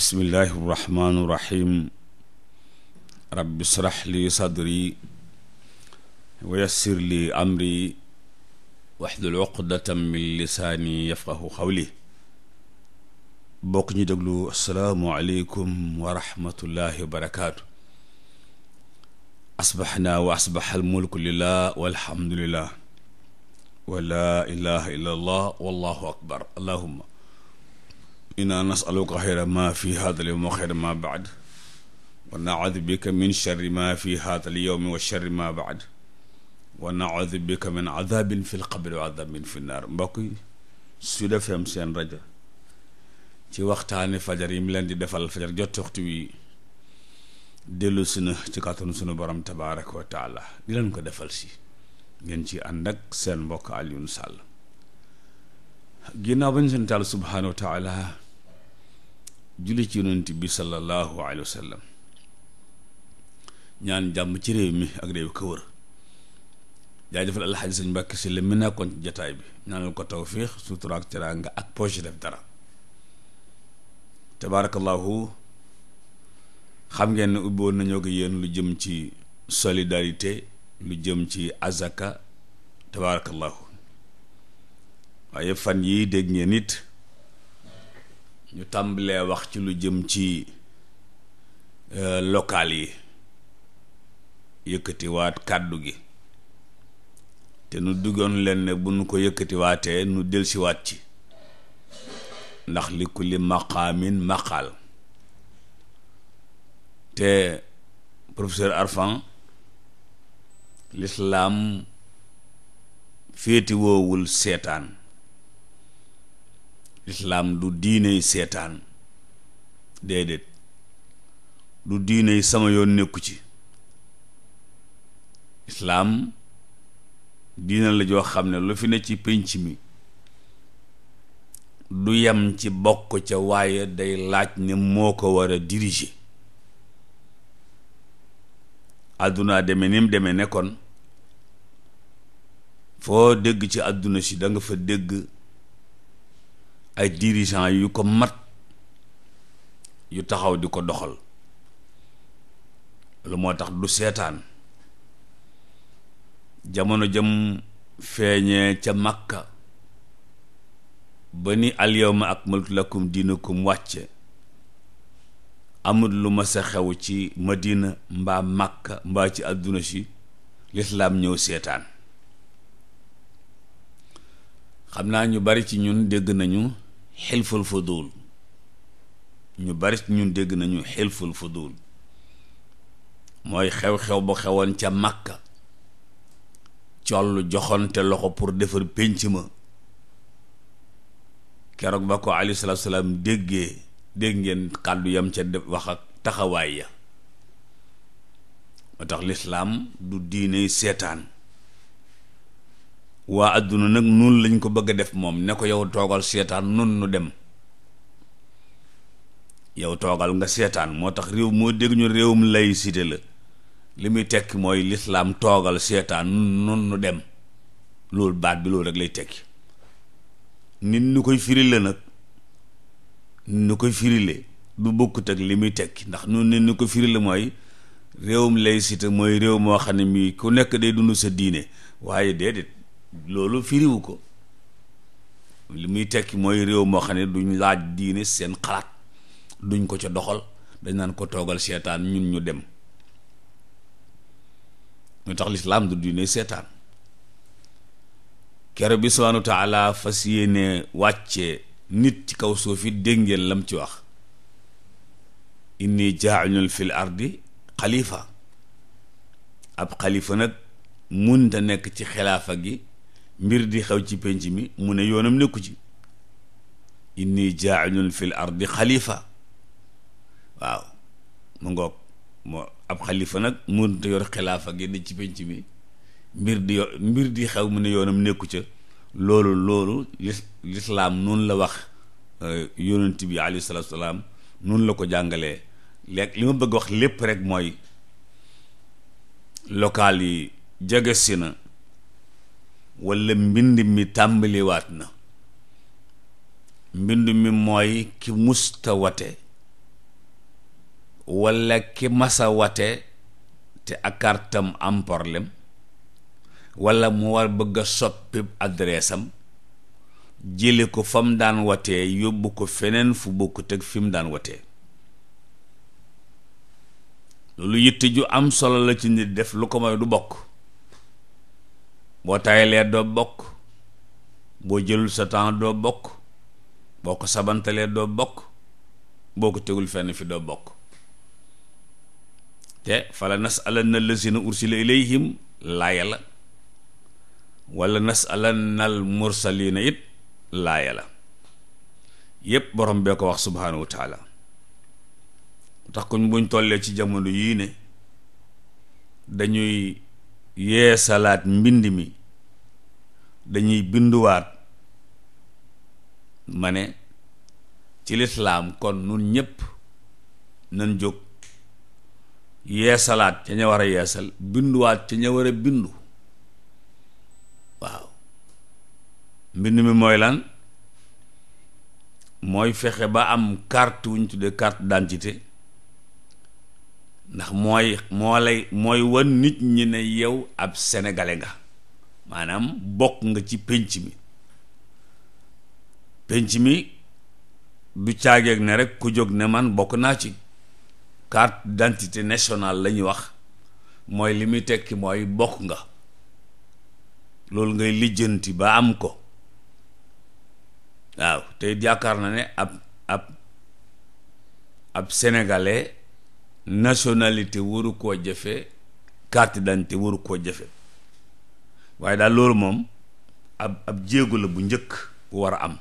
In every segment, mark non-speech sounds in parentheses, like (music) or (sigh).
bismillahi irrahmaani irrahim rabbi srax li sadri wa yassir li amri waxdul uqdatan min lisaani yafqahu xawli bokk ñu déglu asalaamu aleykum wa rahmatullahi wa barakaatu asbaxnaa wa asbaxa almulku lillah walhamdulillah wa laa ilaha illa allah wallahu akbar allahumma inna nasaluka xayra ma fi hada wa xayra ma fi hada lyowmi wa sharri ma baad wa naudu bika min adabin fi mbokk yi Sud seen rajo ci waxtaani fajar yi mi leen di defal fajar jot waxtu wi dellu si na ci kàttanu sunu borom tabaaraka wa taala di leen ko defal si ngeen ci ànd seen mbokk Alioune Sall ginnaaw julli ci yonent bi sallallahu alayhi wa sallam ñaan jàmm ci réew mi ak réew ko wër jaajëfal alxaaji sëñ Mbàkke si la mi nekkoon jataay bi ñaanal ko tawfiix sutura ak teraanga ak poche def dara tabaarakallahu xam ngeen ne ubboon nañoo ko yéen lu jëm ci solidarité lu jëm ci azaka tabaarakallahu waaye fan yii dégg ngeen it ñu tàmbalee wax ci lu jëm ci euh, local yi yëkkatiwaat kàddu gi te nu duggoon leen ne bu nu ko yëkkatiwaatee nu delsiwaat ci ndax li kulli maqaamin maqaal te professeur Arfan lislaam féeti woowul seetaan lislaam du diiney seetaan déedéet du diiney sama yoon nekku ci lislaam diina la joo xam ne lu fi ne ci pénc mi du yam ci bokk ca waaye day laaj ne moo ko war a diriger àdduna deme ni deme nekkoon foo dégg ci àdduna si danga fa dégg ay dirigeants yu ko mat yu taxaw di ko doxal lu moo tax du seetaan jamono jëm feeñee ca Makka ba ni alyawma akmaltu lakum diinakum wàcce amul lu ma sa xew ci Madina mbaa Makka mbaa ci àdduna si lislaam ñëw seetaan xam naa ñu bari ci ñun dégg nañu xilful fudul ñu bari ñun dégg nañu xilful fudul mooy xew-xew bu xewoon ca Makka collu joxonte loxo pour defar pénc ma keroog ba ko aleyhi salaatu déggee dégg ngeen kàddu yam ca def wax ak taxawaay ya moo tax lislaam du diine seetaan waa àdduna nag nun lañ ko bëgg a def moom ne ko yow toogal seetaan nun nu dem yow toogal nga seetaan moo tax réew moo dégg ñu réewum laïcité la li muy tekki mooy lislaam toogal seetaan nun nu dem loolu baat bi loolu rek lay tekki nit nu koy firile nag nu koy firile du bokkut ak li muy tekki ndax nun nit ñu ko firile mooy réewum laïcité mooy réew moo xam ne mii ku nekk day dund sa diine waaye déedéet loolu firiwu ko li muy tekki mooy réew moo xam ne duñ laaj diine seen xalaat duñ ko ca doxal dañ naan ko toogal seetaan ñun ñu dem ñu tax lislaam du diine seetaan kero bi subhaanahu fa fas yéene wàcce nit ci kaw suuf it dégg ngeen lam ci wax inni jaa'ilun fil ardi xalifa ab xalifa nag munta nekk ci xilaafa gi mbir di xew ci pénc mi mu ne yoonam nekku ci inni jaailun fil ardi xalifa waaw mu ngoog moo ab xalifa nag mënut a yor xilaafa gi ci pénc mi mbir di yo mbir di xew mu ne yoonam nekku ca loolu loolu lis lislaam noonu la wax euh, yonent bi alayhi salaam noonu la ko jàngalee léegi li ma bëgg wax lépp rek mooy local yi jege si na walla mbind mi tàmbaliwaat na mbind mi mooy ki musta wate walla ki masa wate te akartam am problème walla mu war bëgga a soppi adresse jële ko fa mu daan watee yóbbu ko feneen fu bokkut ak fi mu daan watee loolu yitte ju am solo la ci nit def lu ko mooy du bokk boo tayalee doo bokk boo jëlul sa temps doo bokk boo ko sabantalee doo bokk boo ko tegul fenn fi doo bokk te fala nasalanna allazina ursila ilayhim laaya la wala nasalanna al mursalina it laaya la yépp borom bee ko wax subhaanahu wa taala tax kuñ buñ tollee ci jamono yii ne dañuy yee salaat mbind mi dañuy binduwaat ma ne ci lislaam kon nun ñépp nañ jóg yeesalaat ca ña war a yeesal binduwaat ca ña war a bindu waaw mbind mi mooy lan mooy fexe ba am carte wu ñu tuddee carte d'identité ndax mooy moo lay mooy wan nit ñi ne yow ab sénégalais nga maanaam bokk nga ci pénc mi pénc mi du caageeg ne rek ku jóg ne man bokk naa ci carte d'identité nationale la wax mooy li muy tekki mooy bokk nga loolu ngay lijjanti ba am ko waaw te yaakaar na ne ab ab ab sénégalais nationalité waru koo jafe carte d'identité waru koo jafe waaye daal loolu moom ab ab jéego la bu njëkk bu war a am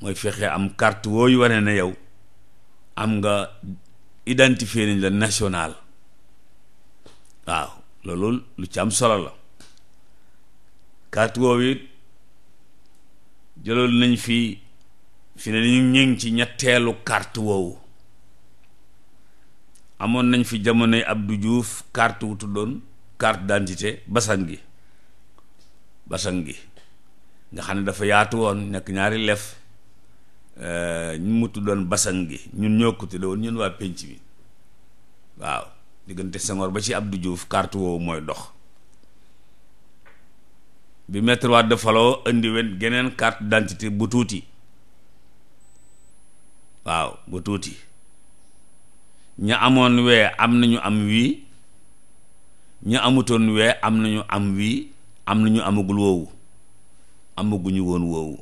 mooy fexe am carte yi wane na yow am nga identifier nañ la national waaw loolu lu ci am solo la carte woowu it jëloon nañ fi fi ne ñu ngi ci ñetteelu carte woowu amoon nañ fi jamonoy Abdou Diouf carte wu tuddoon carte d'identité basan gi basan gi nga xam ne dafa yaatu woon nekk ñaari lef euh, ñu mu tuddoon basan gi ñun ñoo ko tudde woon ñun waa penc bi waaw diggante Senghor ba ci Abdou Diouf carte woowu mooy dox bi Maître Wade faloo indi geneen carte d'identité bu tuuti waaw bu tuuti ñu amoon wee am nañu am wii ñu amutoon wee am nañu am wii am nañu amagul woowu amaguñu woon woowu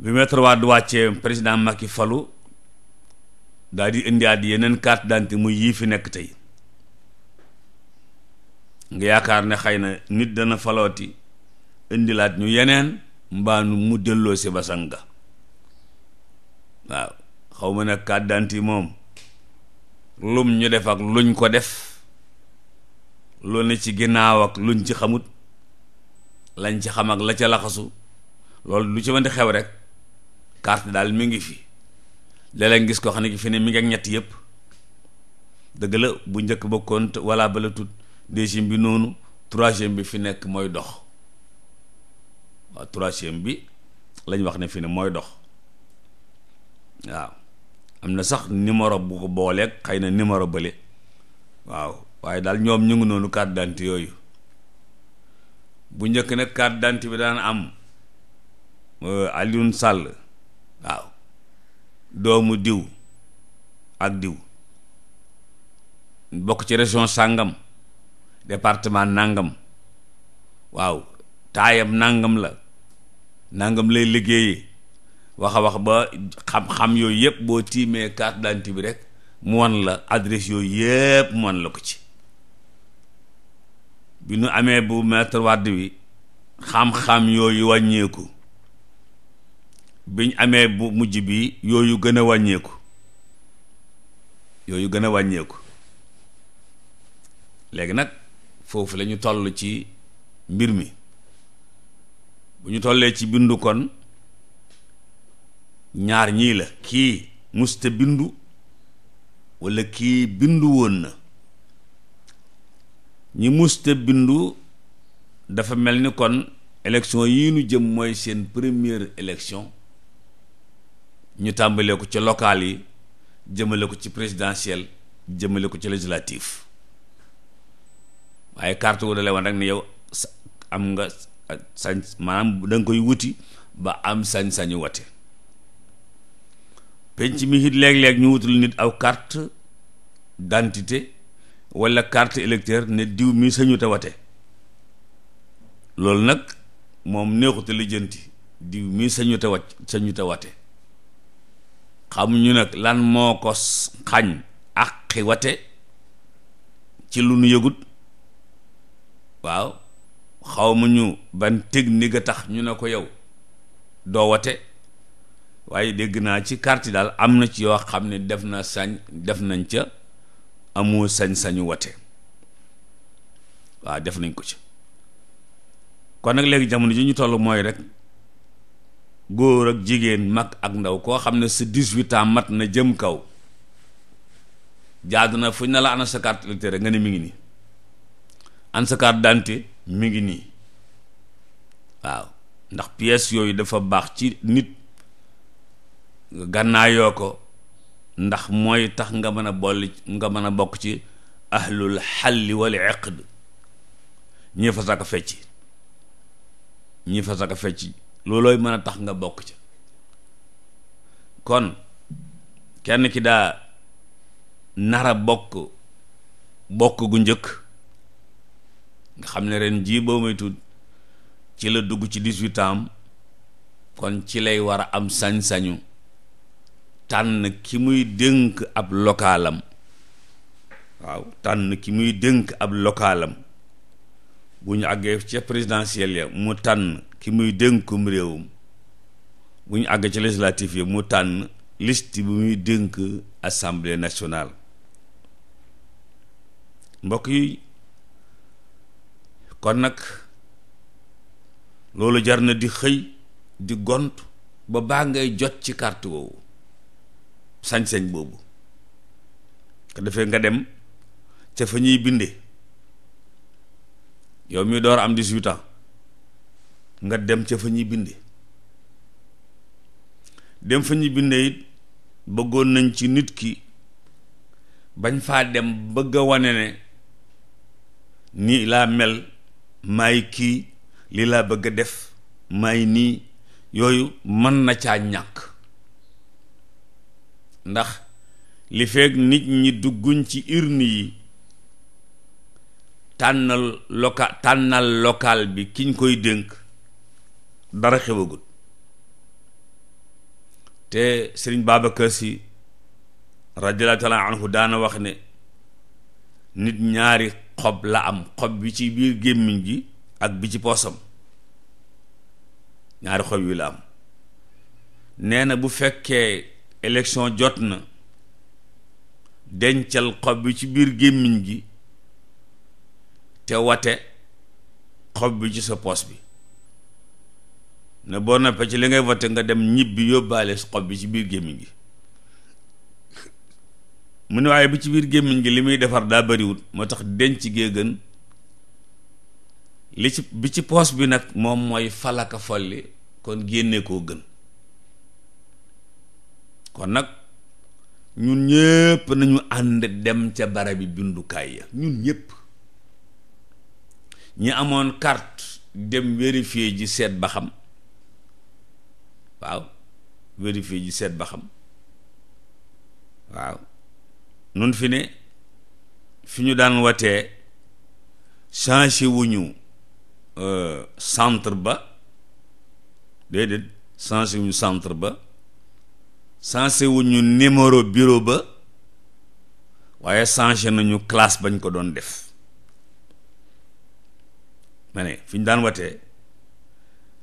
bi Maître Wade wàccee président Macky falu daal di indiwaat yeneen carte d'identité muy yii fi nekk tey nga yaakaar ne xëy na nit dana falooti indilaat ñu yeneen mbaa mu delloo si basanga waaw xaw ma nag carte moom lum ñu def ak luñ ko def lu ne ci ginnaaw ak luñ ci xamut lañ ci xam ak la ca laxasu loolu lu ci mën di xew rek carte daal mi ngi fi léeg-léeg gis koo xam ne ki fi ne mi ngi ak ñett yëpp dëgg la bu njëkk ba compte wala bala tut deuxième bi noonu troisième bi fi nekk mooy dox waaw troisième bi lañ wax ne fi ne mooy dox waaw am na sax numéro bu ko booleeg xëy na numéro bële waaw waaye daal ñoom ñu ngi noonu carte d'identité yooyu bu njëkk nag carte d'identité bi daan am euh, Alioune Sall waaw doomu diw ak diw bokk ci région sàngam département nàngam waaw taayam nàngam la nàngam lay liggéeyee wax wax ba xam-xam yooyu yëpp boo tiimee carte d'identité bi rek mu wan la adresse yooyu yëpp mu wan la ko ci bi nu amee bu maître Wade bi xam-xam yooyu wàññeeku biñ amee bu mujj bi yooyu gën a wàññeeku yooyu gën a wàññeeku léegi nag foofu lañu ñu toll ci mbir mi bu ñu tollee ci bindu kon ñaar ñii la kii musta bindu walla kii bindu woon na ñi musta bindu dafa mel ni kon élection yi ñu jëm mooy seen première élection ñu tàmbalee ko ci local yi jëmale ko ci présidentiel jëmale ko ci législatif waaye carte wu da lay wan rek ne yow am nga sañ maanaam da nga koy wuti ba am sañ-sañu wati penc mi it léeg-léeg ñu wutul nit aw carte d'identité walla carte électeur ne diw mi sañu tawate loolu nag moom neexute lijjanti diw mi sañu tawat sañu tawate xamuñu nag lan moo ko xañ àqi wate ci lu nu yëgut waaw xaw ma ñu ban technique a tax ñu ne ko yow doo wate waaye dégg naa ci carte daal am na ci yoo xam ne def na sañ def nañ ca amoo sañ-sañu wate waaw def nañ ko ci kon nag léegi jamono ji ñu toll mooy rek góor ak jigéen mag ak ndaw koo xam ne sa 18 ans mat na jëm kaw jaadu na fuñ na la ana sa carte d'identité rek nga ne mi ngi nii an sa carte d'identité mi ngi nii waaw ndax pièces yooyu dafa baax ci nit nga gànnaayoo ko ndax mooy tax nga mën a boll nga mën a bokk ci ahlul xalli wal iqd ñi fa saka fecc ñi fa saka fecc loolooy mën a tax nga bokk ci kon kenn ki daa nara bokk bokk gu njëkk nga xam ne ren jii boo may tudd ci la dugg ci dix-huit kon ci lay war a am sañ-sañu tànn ki muy dénk ab lokaalam waaw tànn ki muy dënk ab lokaalam bu ñu àggee ca présidentiel ya mu tànn ki muy dénkum réewum bu ñu àggee ca législatif ya mu tànn liste bi muy dénk assemblée nationale mbokk yi kon nag loolu jar na di xëy di gont ba baa ngay jot ci carte woowu sañsañ boobu ko defee nga dem ca fa ñuy binde yow mi door am dix nga dem ca fa ñuy binde dem fa ñuy binde it bëggoon nañ ci nit ki bañ faa dem bëgg a wane ne nii laa mel maay kii lii laa bëgg a def maay nii yooyu mën na caa ñàkk ndax li feeg nit ñi dugguñ ci urne yi tànnal lokal tànnal local bi kiñ koy dénk dara xewagut te sëriñ Babacar Si radiyallahu taala anhu daana wax ne nit ñaari xob la am xob bi ci biir gémmiñ gi ak bi ci poosam ñaari xob yu la am nee bu fekkee élection jot na dencal xob bi ci biir gémmiñ gi te wate xob bi ci sa poos bi ne boo noppee ci li ngay wate nga dem ñibbi yóbbaale xob bi ci biir gémmiñ gi mu ne waaye bi ci biir gémmiñ gi li muy defar daa bariwul moo tax denc gee gën li ci bi ci poos bi nag moom mooy falaka folli kon génnee koo gën kon nag ñun ñëpp nañu ànd dem ca barabi bindukaay ya ñun ñëpp ñi amoon carte dem vérifier ji seet ba xam waaw vérifier ji seet ba xam waaw nun fi ne fi ñu daan watee changé wuñu euh, centre ba déedéet changé wuñu centre ba changé wuñu numéro bureau ba waaye changé nañu classe bañ ko doon def mane fiñ fi ñu daan watee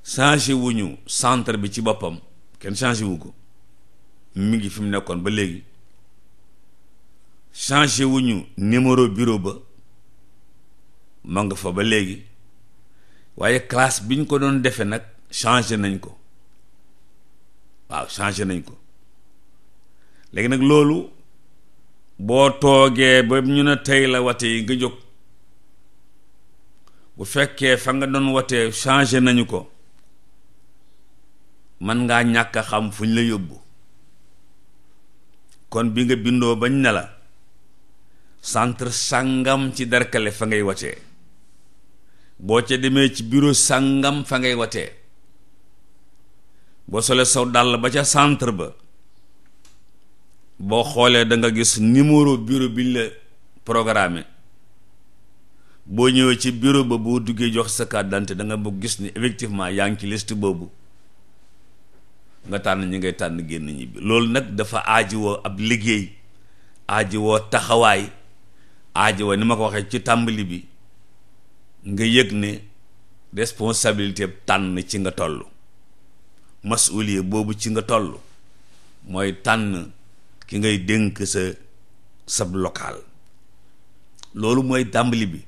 changé wuñu centre bi ci boppam kenn changé wu ko mi ngi fi mu nekkoon ba léegi changé wuñu numéro bureau ba ma nga fa ba léegi waaye classe biñ ko doon defee nag changé nañ ko waaw changé nañ ko léegi nag loolu boo toogee ba ñu ne tey la wate yi nga jóg bu fekkee fa nga doon watee changé nañu ko man ngaa ñàkk xam fu ñu la yóbbu kon bi nga bindoo bañ ne la centre sàngam ci darkale fa ngay watee boo ca demee ci bureau sangam fa ngay watee boo solee sow dàll ba ca centre ba boo xoolee da nga gis numéro bureau bi ñu la programmé boo ñëwee ci bureau ba boo duggee jox sa kàddante d'identité da nga bëgg gis ni effectivement yaa ngi ci liste boobu nga tànn ñi ngay tànn génn ñibbi loolu nag dafa aaji ab liggéey aaji taxawaay aaji woo ni ma ko waxee ci tàmbali bi nga yëg ne responsabilité tànn ci nga toll masuliye boobu ci nga toll mooy tànn ki ngay dénk sa sab local loolu mooy tàmbali bi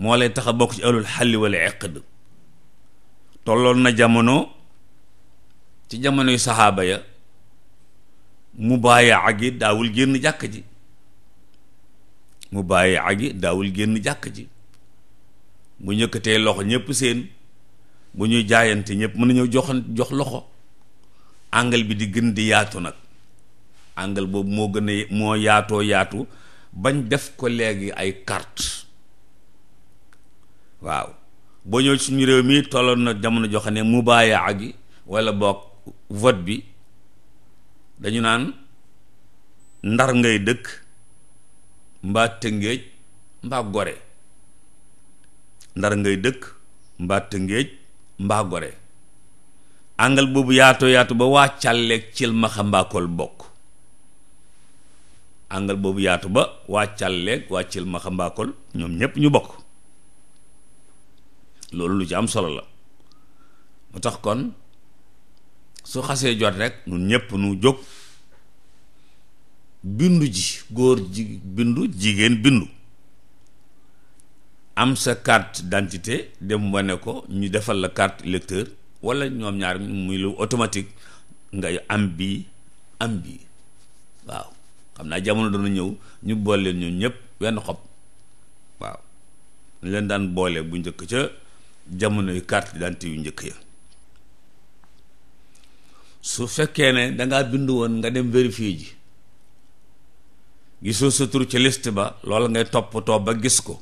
moo lay tax bokk ci alul xalli wala eqd tolloon na jamono ci jamonoy saxaaba ya mu bàyyi agi daawul génn jàkk ji mu bàyyi agi daawul génn jàkk ji bu ñëkkatee loxo ñëpp seen bu ñuy jaayante ñëpp mën nañoo jox jox loxo angle bi di gën di yaatu nag angle boobu moo gën a moo yaatoo yaatu bañ def ko léegi ay kart waaw boo ñëw suñu réew mi tolloon na jamono joo xam ne mubaayaa gi walla bokk vote bi dañu naan ndar ngay dëkk mbaa tëngéej mbaa gore ndar ngay dëkk mbaa tëngéej mbaa àngal boobu yaatoo yaatu ba waa càlleeg cilmaxa ma bokk àngal boobu yaatu ba wàccal leeg wàccil ma xambaakol ñoom ñépp ñu bokk loolu lu ci am solo la mu tax kon su xasee jot rek ñun ñépp nu jóg bindu ji góor ji bindu jigéen bindu am sa carte d'identité dem wane ko ñu defal la carte électeur wala ñoom ñaar muy lu automatique ngay am bii am bii waaw xam naa jamono dana ñëw ñu boole leen ñoom ñëpp wenn xob waaw ñu leen daan boole bu njëkk ca jamonoy yu carte d'identité yu njëkk ya su fekkee ne dangaa bind woon nga dem vérifier ji gisoo sa tur ci liste ba lool ngay toppatoo ba gis ko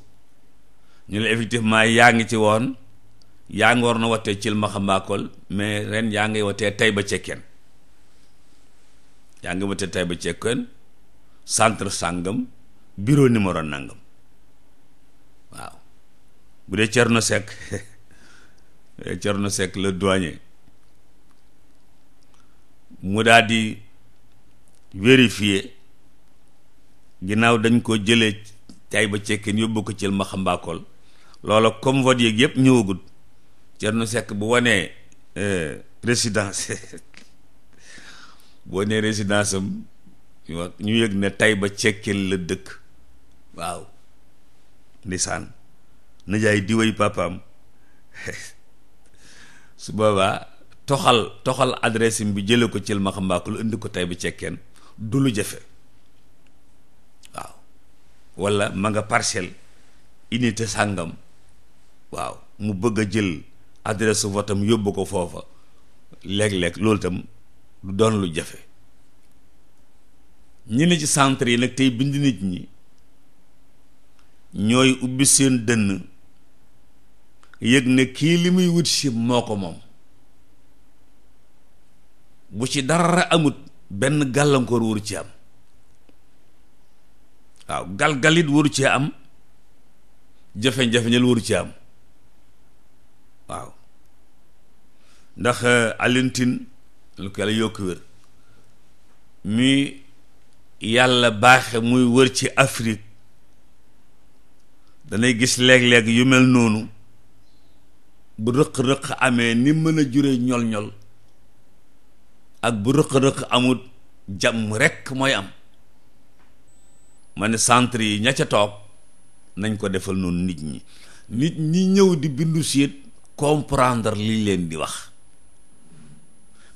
ñu la effectivement yaa ngi ci woon yaa ngi war na watee cil ma xambaakool mais ren yaa ngi watee tay ba ceken yaa ngi watee tay ba cekkeen centre sàngam bureau numéro nangam waaw bu dee Cerno Seck Cerno (laughs) Seck le douanier mu daal di vérifier ginnaaw dañ ko jële tay ba cekkeen yóbbu ko cël ma xambaakool loola comme vote yeeg yëpp ñëwagul Cerno Seck bu wanee euh, résidence (laughs) bu wanee résidence am ñu yëg ne ba cekkeel la dëkk waaw ndeysaan nijaay di way papaam (laughs) su boobaa toxal toxal adresse bi jële ko cil ma xambaakul indi ko Tayba cekkeen du lu jafe waaw walla ma nga parcelle unité sàngam waaw mu bëgg a jël adresse votam yóbbu ko foofa léeg-léeg loolu tam doon lu jafe ñu ne ci centre yi nag tey bind nit ñi ñooy ubbi seen dënn yëg ne kii li muy wut si moo ko moom bu ci dara amut benn gàllankoor waru ci am waaw galgalit waru ci am jafe-jafeñal waru ci am waaw ndax Alioune Tine lu ko yàlla yokk wér mi yàlla baaxe muy wër ci Afrique danay gis leeg léeg yu mel noonu bu rëq-rëq amee ni mën a jure ñol-ñol ak bu rëq-rëq amut jàmm rekk mooy am ma ne centre yi ña ca toog nañ ko defal noonu nit ñi nit ñi ñëw di bindu siit comprendre liñ leen di wax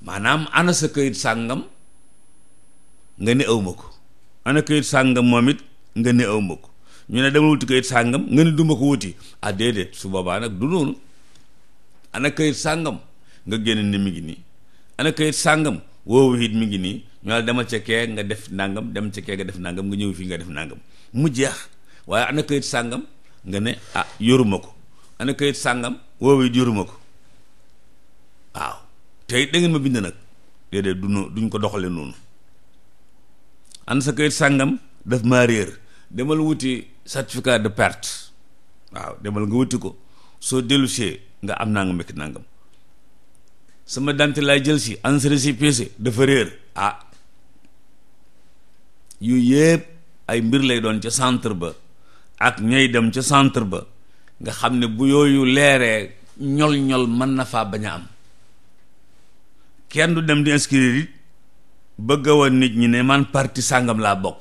maanaam ana sa këyit sàngam nga ne awma ko ana kayit sàngam moom it nga ne awma ko ñu ne dama wuti kayit sàngam nga ne duma ko wuti ah déedéet su boobaa nag du noonu ana kayit sàngam nga génn ni mi ngi nii ana kayit sàngam woowu mi ngi nii ñu ne dama ca nga def nangam dem ca kee nga def nangam nga ñëw fii nga def nangam mu jeex waaye ana kayit sàngam nga ne ah, ko ana kayit sàngam woo it yoruma ko waaw tey da ngeen ma bind nag déedéet du duñ ko doxale noonu an sa kayit sàngam daf maa réer demal wuti certificat de perte waaw demal nga wuti ko soo dellusee nga am naa nga mekk nangam sama dante lay jël si an sa récépissé dafa réer ah yu yëpp ay mbir lay doon ca centre ba ak ñay dem ca centre ba nga xam ne bu yooyu leeree ñol-ñol mën na faa bañ am kenn du dem di inscrire it bëgg woon nit ñi ne man parti sàngam laa bokk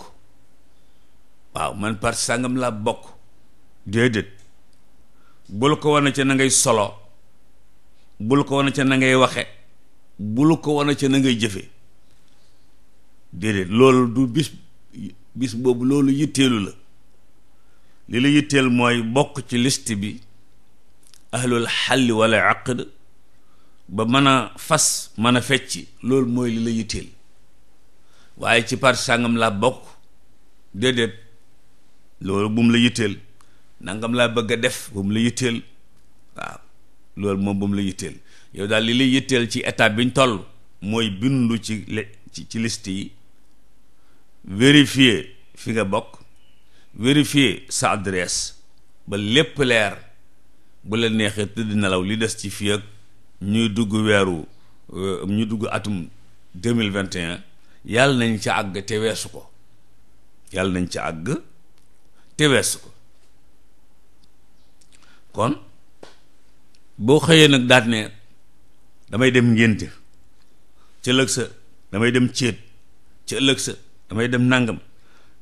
waaw man parti sàngam laa bokk déedéet bul ko wane ca nangay ngay solo bul ko wane ca na ngay waxe bul ko wane ca na ngay jëfe déedéet loolu du bis bis boobu loolu yitteelu la li la yitteel mooy bokk ci list bi ahlul xalli wala aqd ba mën a fas mën a fecc loolu mooy li la yitteel waaye ci parti sàngam laa bokk déedéet loolu bu mu la yitteel nangam laa bëgg a def bu mu la yitteel waaw loolu moom bu mu la yitteel yow daal li lay yitteel ci état bi ñu toll mooy bindu ci ci ci liste yi vérifier fi nga bokk vérifier sa adresse ba lépp leer bu la neexee tëdd nelaw li des ci fii ak ñuy dugg weeru euh, ñu dugg atum deux mille vingt et yàlla nañ ca àgg te weesu ko yàlla nañ ci àgg te weesu ko kon boo xëyee nag daat damay dem ngénte ci sa damay dem céet ci ëllëg sa damay dem nangam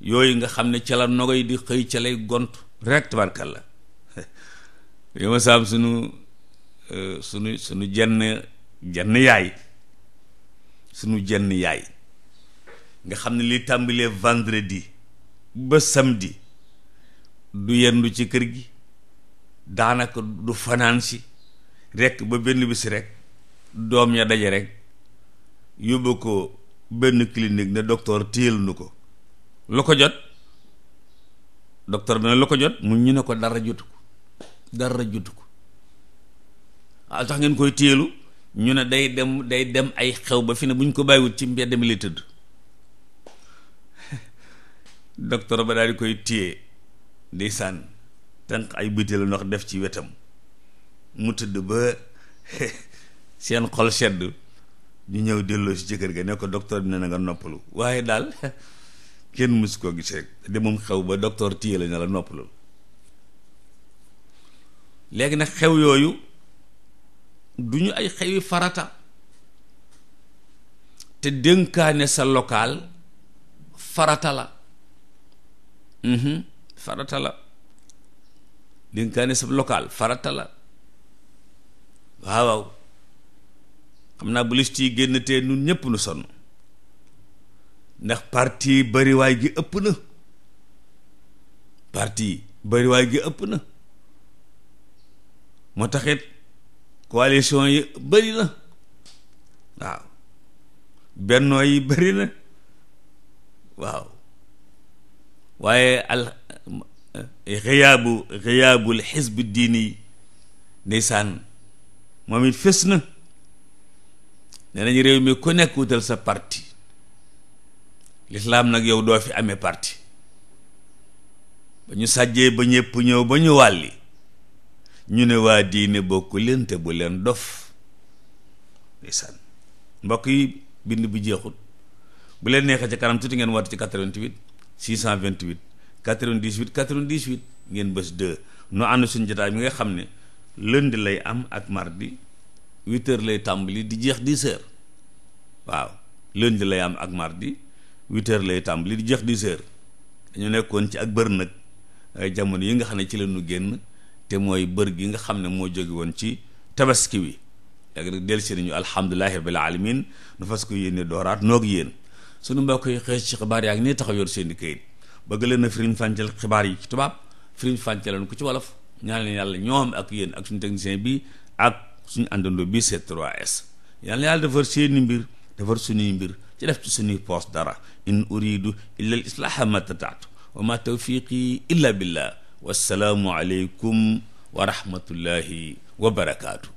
yooyu nga xam ne ca la nogoy di xëy ca lay gont rek tabarkalla (laughs) yow ma saam sunu euh, sunu sunu jenn jenn yaay sunu jenn yaay nga xam ne li tàmbalee vendredi ba samedi du yendu ci kër gi daanaka du fanaan si rekk ba benn bis rekk doom ya daje rekk yóbbu ko benn clinique ne docteur téyel nu ko lu ko jot docteur bi ne lu ko jot mu ñu ne ko dara jotu ko dara jotu ko ah tax ngeen koy téyelu ñu ne day dem day dem ay xew ba fi ne bu ñu ko bàyyiwut ci mbedd mi lay tëdd docteur ba daal di koy di ndeysaan tànk ay butéelu ndox def ci wetam mu tëdd ba (laughs) seen xol sedd ñu ñëw delloo si jëkkër ga ne ko docteur bi ne na nga noppalu waaye daal (laughs) kenn mësu koo gis rek de moom xew ba docteur téye la ne la noppalu léegi nag xew yooyu du ñu ay xewi farata te dénkaane sa local farata la Mm-hmm. farata la dénkaane sab local farata la waaw xam naa bu liste yi génn te nun ñëpp nu sonn ndax parti bariwaay gi ëpp na parti bariwaay gi ëpp na moo taxit coalition yi bari na waaw bennoo yi bari na waaw waaye al xiyaabu eh, xiyaabul xisbu diini yi ndeysaan moom it fës na ne nañ réew mi ku nekk wutal sa parti lislaam nag yow doo fi amee parti ba ñu sàjjee ba ñëpp ñëw ba ñu wàlli ñu ne waa diine bokk leen te bu leen dof ndeysaan mbokk yi bind bi jeexut bu leen neexee ci kanam tuuti ngeen woote ci 88 628 98 98 ngeen bës 2 am na suñu jotaay bi nga xam ne lënd lay am ak mardi 8 heures lay tàmbali di jeex 10 waaw lundi lay am ak mardi 8 heures lay tàmbali di jeex 10 heures dañu nekkoon ci ak bër nag jamono yi nga xam ne ci leen ñu génn te mooy bër gi nga xam ne moo jóge woon ci tabaski wi léegi nag dellusi nañu alhamdulillahi rabbil alamin nu fas ko yéene dooraat noog yéen sunu mbokk yi xëy ci xibaar yaa nii taxaw yor seen i këyit bëgg leen na firiñ fàncal xibaar yi ci tubaab firiñ fàncaloon ko ci wolof ñaan leen yàlla ñoom ak yéen ak suñu technicien bi ak suñu àndandoo bi C3S yàlla na yàlla defar seeni mbir defar suñuy mbir ci def ci suñuy poos dara in uridu illa al islaha ma tataatu wa ma tawfiqi illa billah wassalaamu aleykum wa rahmatullahi wa barakaatu